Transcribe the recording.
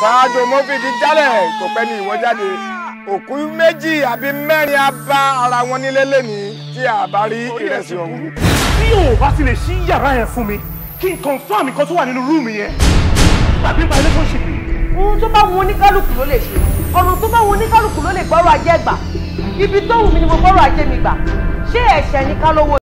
ṣáájú mọ́fìdí jálẹ̀ kò pẹ́ ní ìwọ jáde òkú méjì àbí mẹ́rin á bá ara wọn nílé lẹ́nìí tí a bá rí ìrẹsì ọ̀hún. bí o bá ti lè ṣí yàrá yẹn fún mi kí n confirm nǹkan tó wà nínú rúùmù yẹn tàbí my relationship. ohun tó bá wù oníkálukú ló lè ṣe ọ̀nà tó bá wù oníkálukú ló lè gbọ́rọ̀ ajé gbà ibi tó wù mí ni mo gbọ́rọ̀ ajé mi gbà ṣé ẹ̀ṣẹ̀ ni ká lówó